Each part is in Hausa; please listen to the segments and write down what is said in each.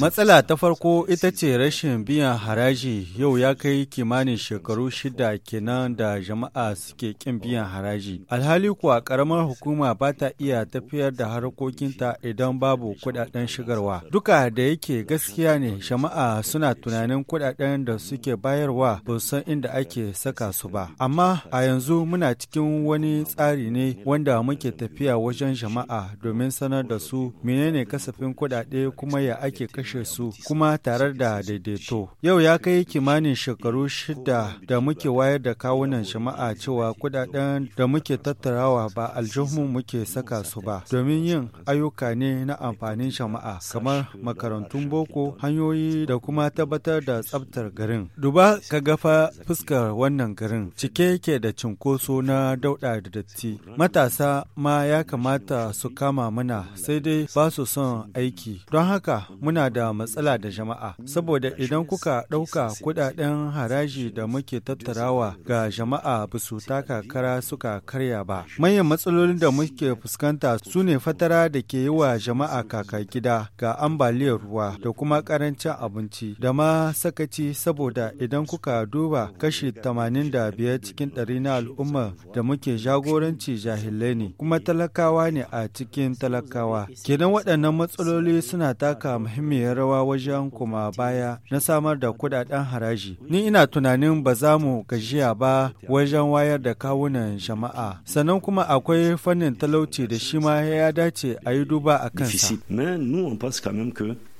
Matsala ta farko ita ce rashin biyan haraji yau ya kai kimanin shekaru shida kenan da jama'a suke kin biyan haraji. Alhali kuwa karamar hukuma ba ta iya tafiyar da harkokinta idan babu kudaden shigarwa. Duka da yake gaskiya ne jama'a suna tunanin kudaden da suke bayarwa ba san inda ake saka su ba. Amma a yanzu muna cikin wani tsari ne wanda muke tafiya wajen jama'a domin sanar da su menene menene kasafin kuɗaɗe kuma ya ake kashe su kuma tare da daidaito. Yau ya kai kimanin shekaru shida da muke wayar da kawunan jama'a cewa kuɗaɗen da muke tattarawa ba aljihun muke saka su ba domin yin ayyuka ne na amfanin jama'a kamar makarantun boko hanyoyi da kuma tabbatar da tsabtar garin. Duba ka gafa fuskar wannan garin cike yake da cinkoso na dauɗa da datti. Matasa ma ya kamata su kama mana sai dai ba su su son aiki. Don haka muna da matsala da jama'a, saboda idan kuka ɗauka kuɗaɗen haraji da muke tattarawa ga jama'a ba su taka kara suka karya ba. Manyan matsalolin da muke fuskanta su ne fatara da ke yi wa jama'a kaka gida ga ambaliyar ruwa da kuma karancin abinci da ma sakaci saboda idan kuka duba kashi tamanin da biyar cikin ɗari na al'umma da muke jagoranci jahilai ne kuma talakawa ne a cikin talakawa. Kenan Waɗannan matsaloli suna taka muhimmiyar rawa wajen kuma baya na samar da kudaden haraji. Ni ina tunanin ba za mu gajiya ba wajen wayar da kawunan jama'a. Sannan kuma akwai fannin talauci da shi ma ya dace a yi duba a kansa.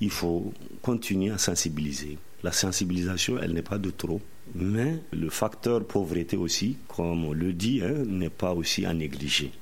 il faut continuer à sensibiliser. La sensibilisation, elle n'est pas de trop. Mais le facteur pauvreté aussi, comme on le dit, hein, n'est pas aussi à négliger.